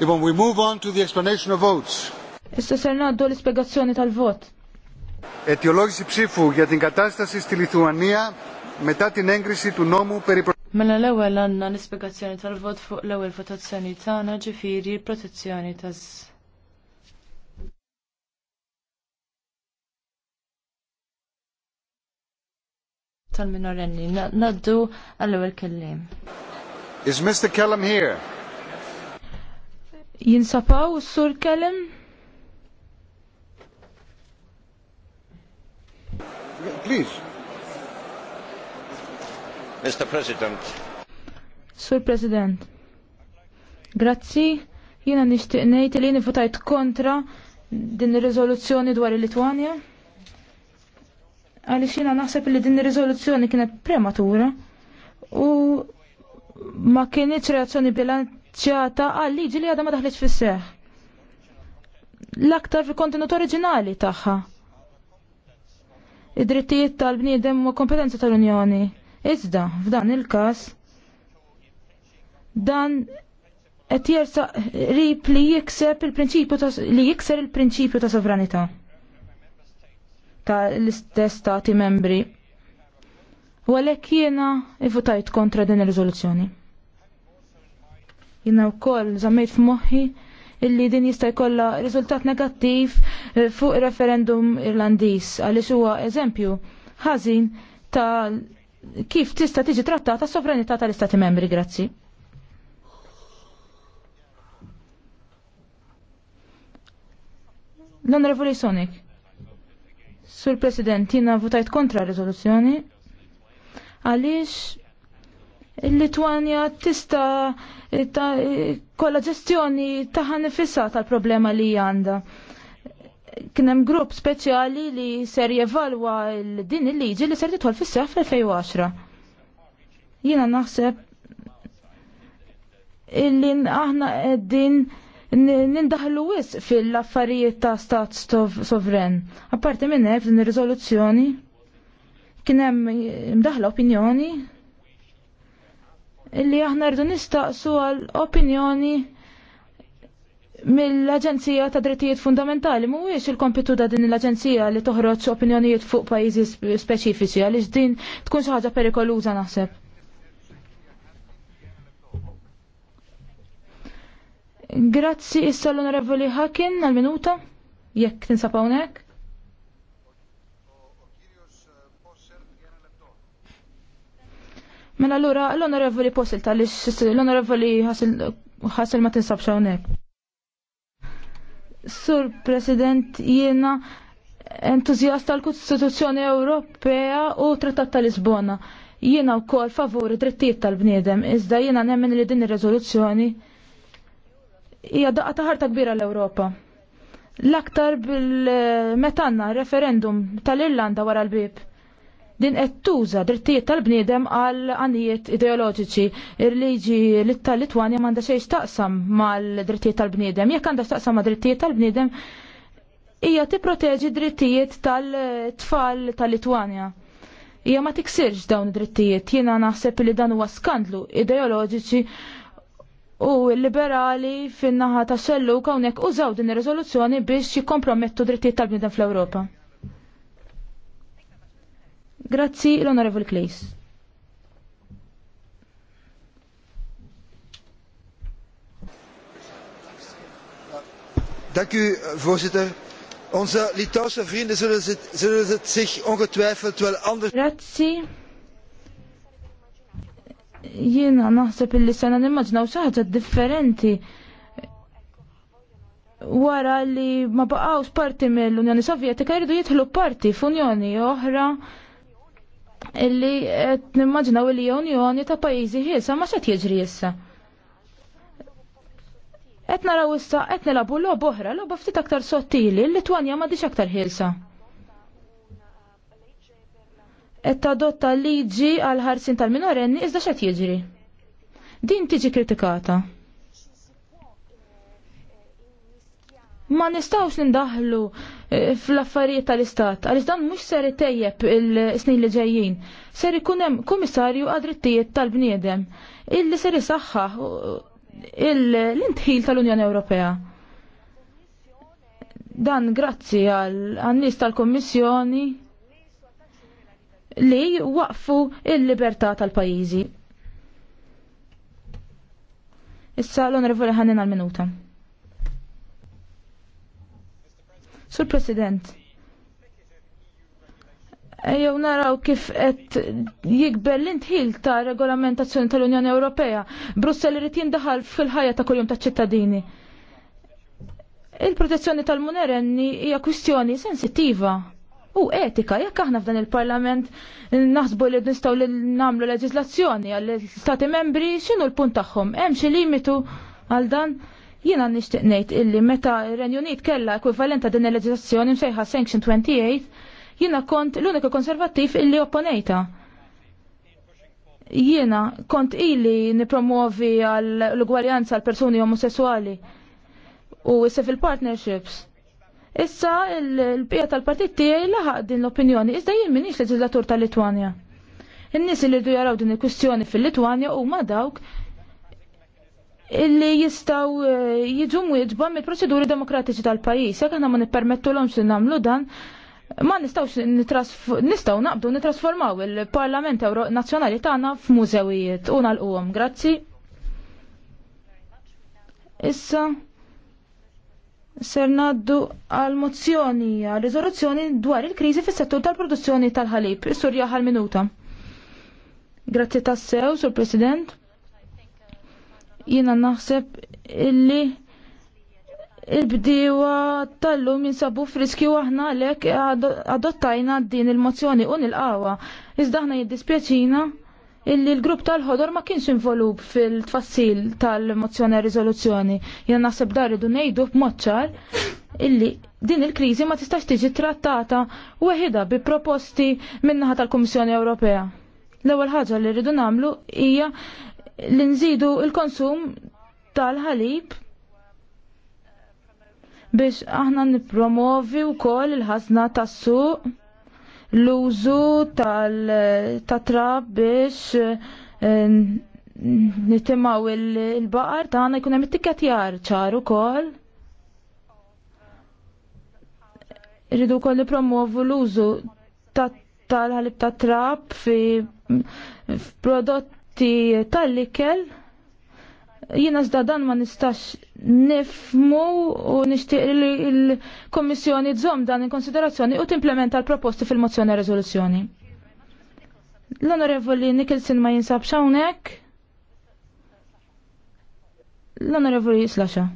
Ibon, we move on to the explanation of votes. Issa ser naddu l-ispiegazzjoni tal-vot. Αιτιολόγηση ψήφου για την κατάσταση στη Λιθουανία μετά την έγκριση του νόμου περί Mela l-ewwel għandna l-ispjegazzjoni tal-vot fuq l-ewwel votazzjoni tagħna ġifieri protezzjoni taż tal-minorenni. Naddu għall-ewwel kelliem. Is Mr. Kellum here? jinsapaw s-sur kellem? Please. Mr. President. Sur President. Grazzi, jina nishtiq nejt li nifutajt kontra din ir-riżoluzzjoni dwar il-Litwanja. Għaliex jina naħseb li din ir-riżoluzzjoni kienet prematura u ma kienieċ reazzjoni bilan ċata għal liġi li għadha ma daħliġ fis L-aktar fil-kontenut oriġinali tagħha. Id-drittijiet tal-bniedem u kompetenza tal-Unjoni. Iżda, f'dan il-każ, dan qed jersaq rib li jikseb il-prinċipju li jikser il-prinċipju ta' sovranità ta' l-istess stati membri. U għalhekk jiena votajt kontra din ir-riżoluzzjoni. Jina wkoll żammejt f'moħħi illi din jista' jkollha riżultat negattiv eh, fuq referendum Irlandiż għaliex huwa eżempju ħażin ta' kif tista' tiġi trattata s-sovranità tal-Istati Membri, grazzi. L-Onorevoli Sonic, Sur President, jina votajt kontra r-rezoluzzjoni għaliex il litwania tista eh, eh, kolla ġestjoni taħan nifissa tal-problema li għanda. Knem grupp speċjali li ser jevalwa din il-liġi li ser titħol fis fl-2010. Jina naħseb illi aħna din nindaħlu wis fil-affarijiet ta' stat sovren. Apparti minn din ir-riżoluzzjoni kien hemm mdaħla opinjoni illi aħna rridu nistaqsu għal opinjoni mill-Aġenzija ta' Drittijiet Fundamentali mhuwiex il-kompitu ta' din l-Aġenzija li toħroġ opinjonijiet fuq pajjiżi speċifiċi għaliex din tkun xi ħaġa perikoluża naħseb. Grazzi issa l-Onorevoli Hakin għal-minuta, jekk tinsab hawnhekk. Mela allura l-onorevoli posil tal l-onorevoli ħasil ma tinsabx hawnhekk. Sur President jiena entuzjast tal kostituzzjoni Ewropea u Trattat tal-Lisbona. Jiena wkoll favuri drittijiet tal-bniedem, iżda jiena nemmen li din ir riżoluzzjoni hija daqqa ta' ħarta kbira l-Ewropa. L-aktar bil-metanna referendum tal-Irlanda wara l-bib din qed tuża drittijiet tal-bniedem għal għanijiet ideoloġiċi. Ir-liġi tal litwani m'għandha xejn x'taqsam mal-drittijiet tal-bniedem. Jekk għanda x'taqsam ma' drittijiet tal-bniedem, hija tipproteġi drittijiet tal-tfal tal-Litwanja. Hija ma tiksirx dawn id-drittijiet. Jiena naħseb li dan huwa skandlu ideoloġiċi u l-liberali fin-naħa ta' xellu kawnek użaw din ir-riżoluzzjoni biex jikkompromettu drittijiet tal-bniedem fl-Ewropa. Grazzi l-Onorevole Klejs. Dank u, voorzitter. Onze Litouwse vrienden zullen, zullen het zich ongetwijfeld wel anders... Grazie. Jena, naħseb illi sena nimmaġnaw xaħġa differenti wara li ma baqaw sparti mill-Unjoni Sovjetika jridu jitħlu parti f'Unjoni oħra illi qed nimmaġinaw li unjoni ta' pajjiżi ħielsa ma xed jiġri issa. Qed naraw issa qed nilabu logħba oħra, logħba ftit aktar sottili, l-Litwanja m'għandix aktar ħielsa qed tadotta liġi għal ħarsin tal-minorenni iżda x'qed jiġri. Din tiġi kritikata. Ma nistawx nindaħlu fl-affarijiet tal-istat. Għaliex dan mhux ser itejjeb il-snin li ġejjin. Ser ikun hemm kummissarju għad-drittijiet tal-bniedem illi ser isaħħa l-intħil tal-Unjoni Ewropea. Dan grazzi għal nies tal-Kommissjoni li waqfu il-libertà tal-pajjiżi. Issa l-onorevoli ħannin għal-minuta. Sur President, Ejjew naraw kif qed jikber l-intħil ta' regolamentazzjoni tal-Unjoni Ewropea. Brussel irid jindaħal fil-ħajja ta' kuljum taċ ċittadini. Il-protezzjoni tal-munerenni hija kwistjoni sensittiva u etika jekk aħna f'dan il-Parlament naħsbu li nistgħu li nagħmlu leġiżlazzjoni għall-Stati membri x'inhu l-punt tagħhom? Hemm xi limitu għal dan? Jiena nixtieq ngħid illi meta r-Renju Unit kellha din il-leġislazzjoni msejħa Sanction 28, jiena kont l-uniku konservattiv illi opponejta. Jiena kont illi nipromuovi l-ugwaljanza għal persuni omosessuali u civil partnerships. Issa l-bija tal-partit tijaj laħaq din l-opinjoni, iżda jien minix leġislatur tal-Litwanja. In-nies li rridu jaraw din il-kwistjoni fil-Litwanja huma dawk illi jistaw eh, jiġu mwieġba mill proċeduri demokratiċi tal-pajis. Jekk għanna ma nippermettu l-omx namlu dan, ma nistawx nistaw naqbdu nitrasformaw il-Parlament Nazzjonali tagħna f'mużewijiet u nagħlquhom. Grazzi. Issa ser naddu għal mozzjoni għal riżoluzzjoni dwar il-kriżi fis-settur tal-produzzjoni tal-ħalib. is jaħal minuta. Grazzi tassew, sur President. Jiena naħseb illi il bdiwa tal minn sabu friski u aħna lek adottajna din il-mozzjoni u il qawa Iżda aħna jiddispjaċina illi l-grupp tal-ħodor ma kienx involub fil-tfassil tal-mozzjoni rizoluzzjoni. Jina naħseb dar idu nejdu b'moċċar illi din il-krizi ma tistax tiġi trattata weħida bi proposti minnaħa tal-Kummissjoni Ewropea. L-ewwel ħaġa li rridu nagħmlu hija li nżidu il-konsum tal-ħalib biex aħna nipromovi wkoll il-ħazna tas-suq l-użu tal tatrab biex eh, nittimaw il-baqar tagħna jkun jkunem it-tikketjar ċar ukoll. Irridu wkoll nipromovu l-użu tal-ħalib tat-trab fi prodott ti talli kell jina zda dan ma nistax nifmu u nishtiq li l-Kommissjoni tżom dan in konsiderazzjoni u timplementa l-proposti fil-mozzjoni e rezoluzzjoni. L-Onorevoli Nicholson ma jinsab xawnek. L-Onorevoli Slasha.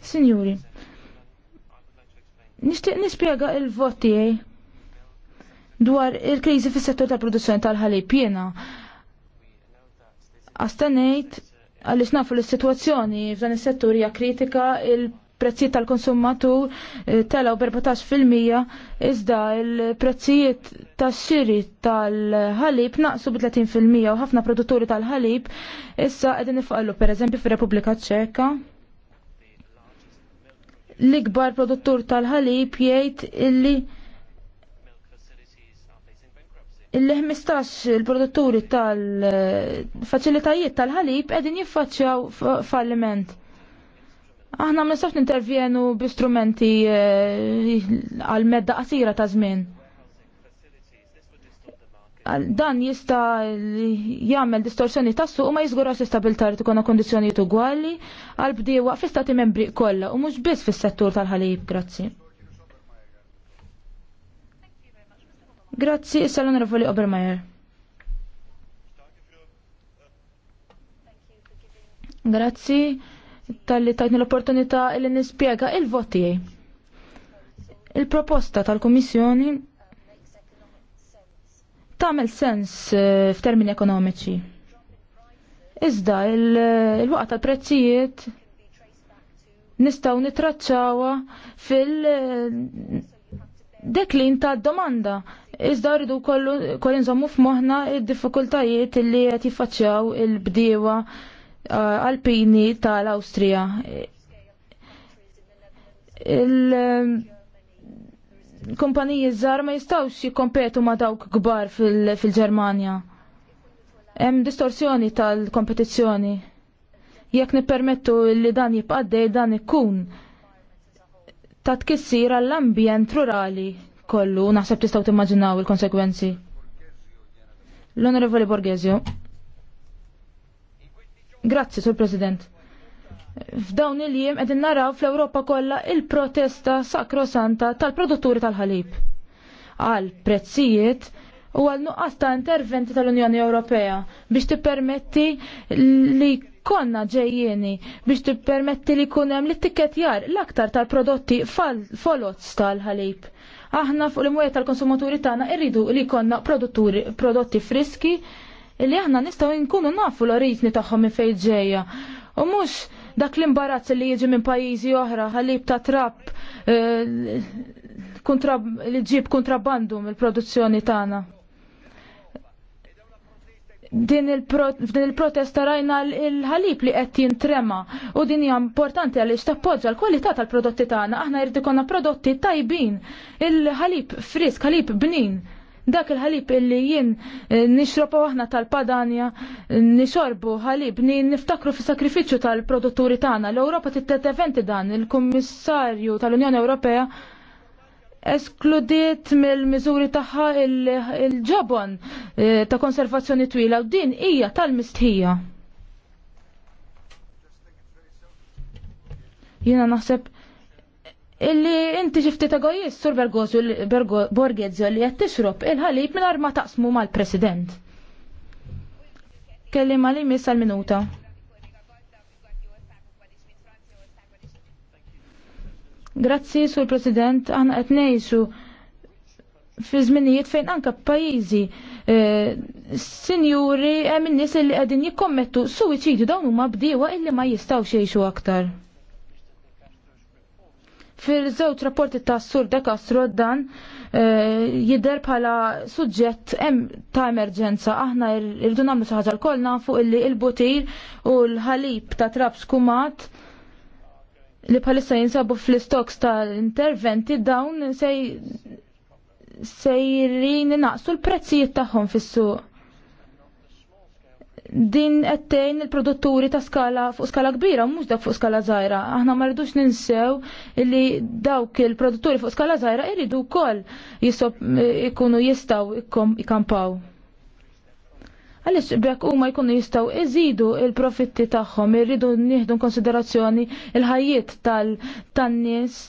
Signori, Nixtieq nispjega il-vot tiegħi dwar il-kriżi fis-settur tal-produzzjoni tal-ħalib jiena astanejt għaliex nafu l-sitwazzjoni f'dan is-settur hija kritika il- prezzijiet tal-konsumatur eh, telaw b-14% iżda il-prezzijiet tax-xiri tal-ħalib naqsu b-30% u ħafna produtturi tal-ħalib issa qegħdin ifqallu pereżempju fir-Repubblika Ċeka l-ikbar produttur tal-ħalib jgħid illi il-15 il-produtturi tal-faċilitajiet tal-ħalib edin jiffaċċjaw falliment. Aħna ma nistax nintervjenu b'istrumenti eh, għal medda qasira ta' żmien dan jista jagħmel distorsjoni tassu u ma jiżgurax istabilta li tkun kondizzjonijiet ugwali għal bdiewa fl-istati membri kollha u mhux biss fis-settur tal-ħalib. Grazzi. Grazzi, issa l-Onorevoli Obermeyer. Grazzi tal-li tajtni l-opportunità li nispjega il votijaj Il-proposta tal-Komissjoni Tamel sens eh, f'termini ekonomiċi. Iżda il eh, waqta ta' prezzijiet nistgħu nitraċċawa fil eh, deklin ta' domanda. Iżda rridu kollu nżommu f'moħħna id-diffikultajiet li qed jiffaċċjaw il-bdiewa alpini tal-Awstrija. il kumpaniji żgħar ma jistgħux jikkompetu ma' dawk kbar fil-Ġermanja. Hemm distorsjoni tal-kompetizzjoni. Jekk nippermettu li dan jibqaddej dan ikun ta' tkissir għall-ambjent rurali kollu, naħseb tistgħu timmaġinaw il-konsekwenzi. L-Onorevoli Borghesio. Grazzi, Sur President f'dawn il-jiem qed naraw fl-Ewropa kollha il-protesta sakrosanta tal-produtturi tal-ħalib. Għal prezzijiet u għal nuqqas ta' interventi tal-Unjoni Ewropea biex tippermetti li konna ġejjeni biex tippermetti li kunem li tikketjar l-aktar tal-prodotti folots tal-ħalib. Aħna fuq l-imwiet tal-konsumaturi tagħna irridu li konna produtturi prodotti friski li aħna nistgħu nkunu nafu l-oriġni tagħhom minn fejn ġejja. U mhux Dak l-imbarazz li jiġi minn pajjiżi oħra, ħalib ta' trapp, eh, li ġib kontrabbandu mill-produzzjoni tagħna. Din il-protesta rajna l-ħalib li qed jintrema u din hija importanti għaliex tappoġġa l-kwalità tal-prodotti tagħna. Aħna jrid ikollna prodotti tajbin, il-ħalib frisk, ħalib bnin Dak il-ħalib illi jien eh, nixrobu aħna tal-Padania, eh, nixorbu ħalib, niftakru fi sakrifiċċju tal-produtturi tagħna. L-Ewropa titteventi dan, il-Kummissarju tal-Unjoni Ewropea eskludiet mill-miżuri tagħha il-ġabon eh, ta' konservazzjoni twila u din hija tal-mistħija. Jiena naħseb illi inti xifti ta' gojist sur Borghezio li qed tixrob il-ħalib mingħajr ma taqsmu mal-President. Kellima li missa l-minuta. Grazzi sur President aħna qed ngħixu fi żminijiet fejn anka pajjiżi eh, sinjuri hemm in-nies li qegħdin jikkommettu suwiċidju dawn huma bdiewa illi ma jistgħux jgħixu aktar. Fil-żewġ rapporti ta' Sur De Castro dan eh, jidher bħala suġġett ta' emerġenza. Aħna rridu nagħmlu xi ħaġa lkoll nafu illi l-butir u l-ħalib ta' trab skumat li bħalissa jinsabu fl-istoks tal-interventi dawn sej sejrin naqsu l-prezzijiet tagħhom fis-suq din qedtejn il-produtturi ta' skala fuq skala kbira mhux dak fuq skala żgħira. Aħna ma rridux ninsew li dawk il-produtturi fuq skala żgħira jridu wkoll jisob ikunu jistgħu ikampaw. Għaliex bekk huma jkunu jistgħu iżidu il-profitti tagħhom, irridu nieħdu konsiderazzjoni il-ħajjiet tal-tan-nies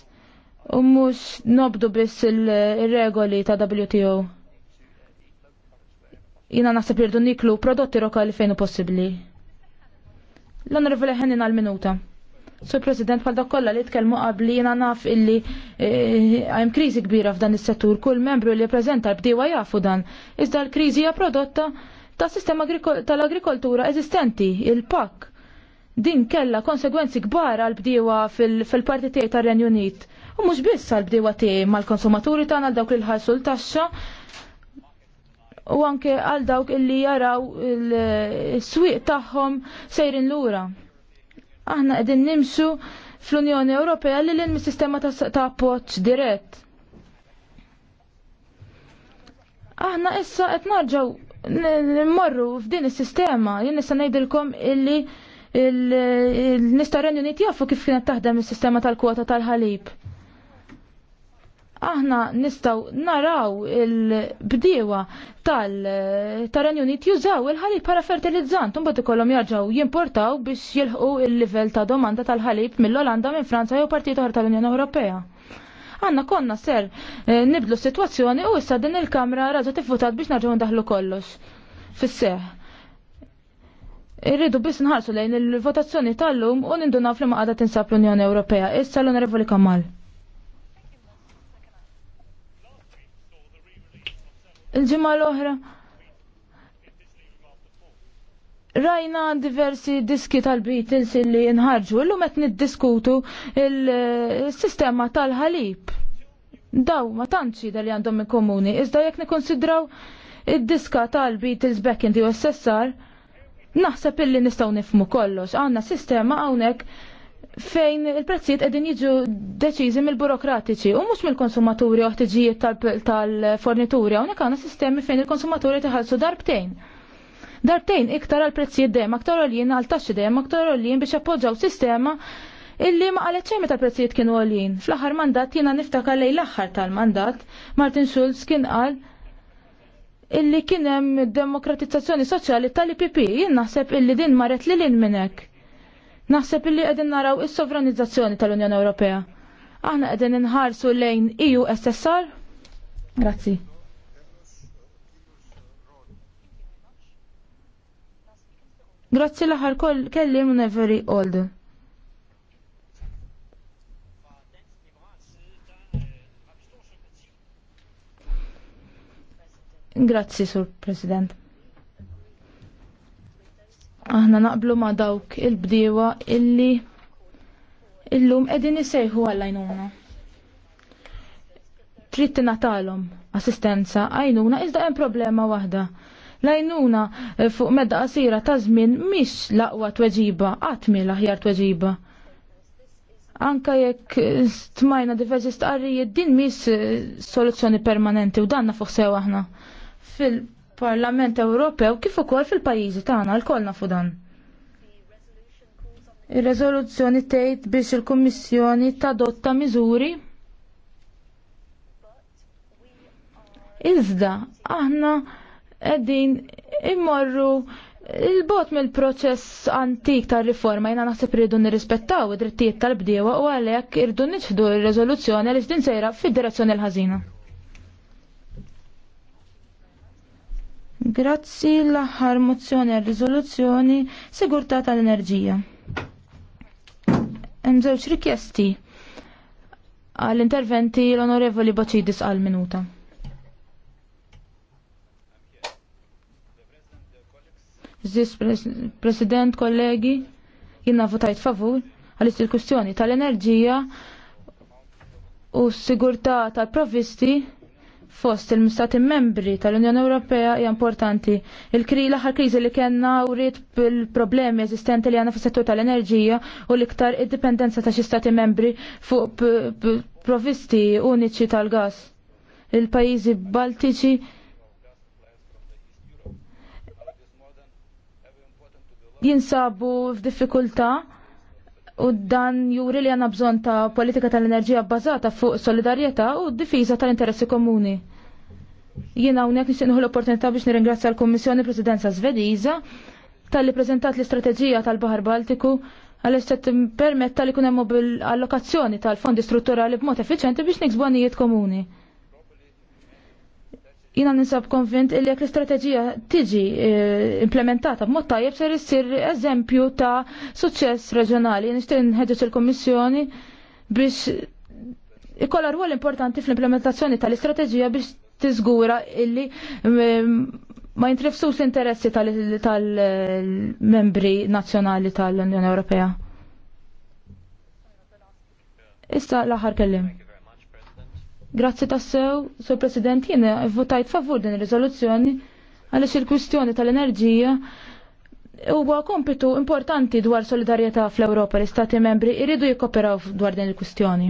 u mhux nobdu biss il-regoli ta' WTO. Jina naħseb jirdu niklu prodotti lokali fejn possibbli. L-onorevole ħennin għal-minuta. Sur President, pal kollha li tkellmu qabli jina naf illi hemm eh, kriżi kbira f'dan is-settur, kull membru li jippreżenta l-bdiewa jafu dan. Iżda l-kriżi hija prodotta tas sistema tal-agrikoltura eżistenti, il-PAK. Din kellha konsegwenzi kbar għal bdiewa fil-parti tiegħi tar-Renju Unit. U mhux biss għal bdiewa tiegħi mal-konsumaturi tagħna dawk li ħarsu l-taxxa, u anke għal dawk illi jaraw il-swieq tagħhom sejrin lura. Aħna qegħdin nimxu fl-Unjoni Ewropea li l-in mis-sistema ta' appoġġ dirett. Aħna issa qed narġgħu mmorru f'din is-sistema, jien nista' ngħidilkom illi il-nista' Renju Unit jafu kif kienet taħdem is-sistema tal-kwota tal-ħalib. tal kwota tal ħalib aħna nistaw naraw il-bdiewa tal-Renju Unit jużaw il-ħalib para fertilizzant, un ikollhom jarġaw jimportaw biex jilħu il-livell ta' domanda tal-ħalib mill-Olanda minn Franza jew partijiet oħra tal-Unjoni Ewropea għanna konna ser eh, nibdlu situazzjoni u issa din il-kamra raġa tiffutat biex narġaw ndaħlu kollox. Fisseħ. Irridu biss nħarsu lejn il-votazzjoni tal-lum u nindunaw fl-maqada tinsab l-Unjoni Ewropea. Issa l-Onorevoli Kamal. il-ġimgħa l-oħra rajna diversi diski tal-Beatles illi nħarġu illum qed niddiskutu il-sistema tal-ħalib. Daw ma tantx li għandhom in-komuni, iżda jekk nikkonsidraw id-diska tal-Beatles back in the USSR, naħseb illi nistgħu nifmu kollox, għanna sistema hawnhekk fejn il-prezzijiet qegħdin jiġu deċiżi mill-burokratiċi u mhux mill-konsumaturi u ħtiġijiet tal-fornituri hawnhekk għandna sistemi fejn il-konsumaturi tiħallsu darbtejn. Darbtejn iktar għal prezzijiet dejjem aktar għoljien għal taxxi dejjem aktar għoljien biex appoġġaw sistema illi ma qalet xejn meta prezzijiet kienu għoljien. Fl-aħħar mandat jiena niftakar lejn l-aħħar tal-mandat Martin Schulz kien qal illi kien hemm demokratizzazzjoni soċjali tal-IPP jien naħseb illi din marret lil minnek. Naħseb illi qegħdin naraw is-sovranizzazzjoni tal-Unjoni Ewropea. Aħna qegħdin inħarsu lejn EU SSR. Grazzi. Grazzi l-aħħar koll kellim Nevery Old. Grazzi, Sur President. Aħna naqblu ma' dawk il-bdiewa illi illum qegħdin isejħu għallajnuna. Trid tingħatalhom assistenza għajnuna iżda hemm problema waħda. Lajnuna eh, fuq medda qasira ta' żmien mhix l'aqwa tweġiba, qatt l-aħjar tweġiba anka jekk eh, stmajna diversi stqarrijiet din mis eh, soluzzjoni permanenti u danna fuq sew aħna. Fil parlament Ewropew kif ukoll fil-pajjiżi tagħna l-kol nafu dan. Ir-reżoluzzjoni tgħid biex il-Kummissjoni tadotta miżuri Iżda, aħna qegħdin immorru il-bot mill-proċess antik tal-riforma jina naħseb rridu nirrispettaw id-drittijiet tal-bdiewa u għalhekk irridu niċħdu r-reżoluzzjoni li xdin sejra fid-direzzjoni l-ħażina. Grazzi l-aħħar mozzjoni għal riżoluzzjoni sigurtà tal-enerġija. Hemm żewġ rikjesti għall-interventi l-Onorevoli Baċidis għal minuta. Zis President, kollegi, jina votajt favur għal istil kustjoni tal-enerġija u s-sigurtà tal-provisti fost il-mistati membri tal-Unjoni Ewropea hija importanti. Il-kri l-aħħar kriżi li kellna wrid bil-problemi eżistenti li għandna fis-settur tal-enerġija u l-iktar id-dipendenza ta' xi stati membri fuq provisti uniċi tal-gas. Il-pajjiżi Baltiċi jinsabu f'diffikultà U dan juri li għanna bżon ta' politika tal-enerġija bbażata fuq solidarjetà u d-difiża tal-interessi komuni. Jiena hawnhekk nixtieq l-opportunità biex nirringrazzja l-Kummissjoni Presidenza Svediża tal-li preżentat l-istrateġija tal-Baħar Baltiku għal qed permetta li kun hemm allokazzjoni tal-fondi strutturali b'mod effiċenti biex niksbu komuni. Jina ninsab konvint li jekk l-istrateġija tiġi eh, implementata b'mod tajjeb ser jissir eżempju ta' suċċess reġjonali. Nixtieq nħeġġeġ il-Kummissjoni biex ikolla rwol importanti fl-implementazzjoni tal-istrateġija biex tiżgura illi eh, ma jintrifsux l-interessi tal-membri nazzjonali tal-Unjoni Ewropea. Issa l-aħħar kellim. Grazzi tassew, Sur President, jiena votajt favur din ir-riżoluzzjoni għaliex il-kwistjoni tal-enerġija huwa kompitu importanti dwar solidarjetà fl-Ewropa l-Istati membri jridu jikkoperaw dwar din il-kwistjoni.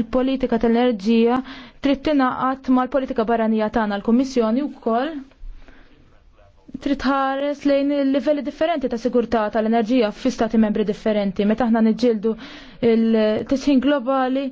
Il-politika tal-enerġija trid tingħaqad mal-politika barranija tagħna l-Kummissjoni wkoll trid ħares lejn livelli differenti ta' sigurtà tal-enerġija f'istati membri differenti. Meta aħna niġġieldu il-tisħin globali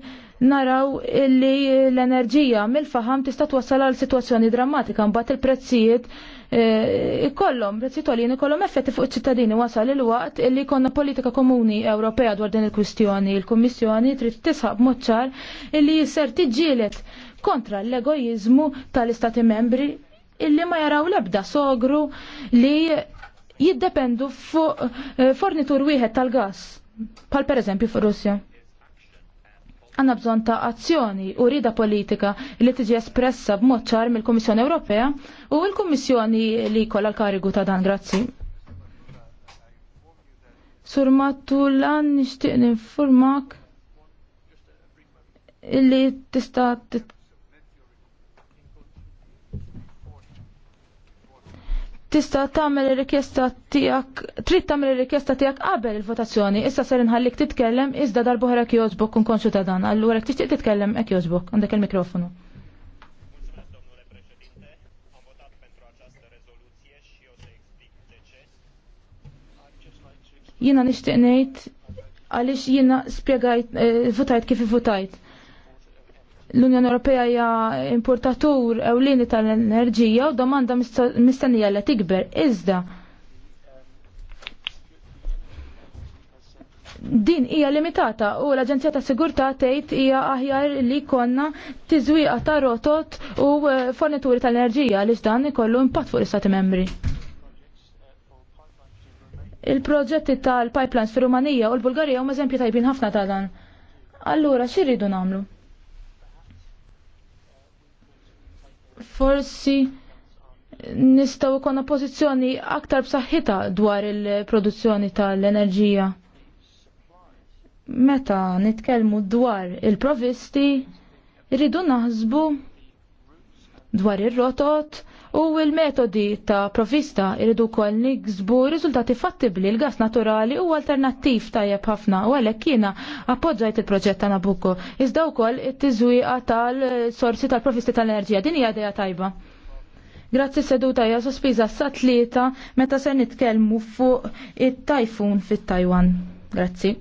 naraw li l-enerġija mill-faham tista' twassal għal sitwazzjoni drammatika mbagħad il-prezzijiet eh, ikollhom prezzijiet għolin ikollhom effetti fuq iċ-ċittadini wasal il-waqt illi jkollna politika komuni Ewropea dwar din il-kwistjoni. Il-Kummissjoni trid tisħab moċċar ċar illi jisser tiġġielet kontra l-egoizmu tal-Istati membri illi ma jaraw l-ebda sogru li jiddependu fuq eh, fornitur wieħed tal-gas, pal per eżempju fuq Russja. Għanna bżon ta' azzjoni u rida politika li tiġi espressa b'mod ċar mill-Kummissjoni Ewropea u l-Kummissjoni li kolla l-karigu ta' dan, grazzi. Sur Matulan nixtieq ninformak illi tista' tista' tagħmel ir-rikjesta tiegħek trid tagħmel ir-rikjesta tiegħek qabel il-votazzjoni. Issa ser inħallik titkellem iżda darba ħarek jogħġbok kun ta' dan. Allura tixtieq titkellem hekk jogħġbok għandek il-mikrofonu. Jiena nixtieq ngħid għaliex jiena spjegajt, eh, votajt kif votajt l-Unjoni Ewropea hija importatur ewlieni tal-enerġija u domanda mistennija li tikber iżda din hija limitata u l-Aġenzija ta' Sigurtà tgħid hija aħjar li konna tiżwieqa ta' rotot u eh, fornituri tal-enerġija li dan ikollu impatt fuq l-Istati membri. Il-proġetti tal-pipelines fir rumanija u l-Bulgarija huma eżempji tajbin ħafna ta' dan. Allura x'irridu nagħmlu? forsi nistaw ikonna pożizzjoni aktar b'saħħita dwar il-produzzjoni tal-enerġija. Meta nitkellmu dwar il-provisti, rridu naħsbu dwar ir-rotot U il-metodi ta' provvista irridu kol nigzbu riżultati fattibli l-gas naturali u alternattiv tajjeb ħafna u għalhekk kiena appoġġajt il-proġett ta' Nabucco. Iżda wkoll it-tiżwieqa tal-sorsi tal provisti tal-enerġija. Din hija idea tajba. Grazzi seduta hija sospiża sa tlieta meta se nitkellmu fuq it-tajfun fit-Tajwan. Grazzi.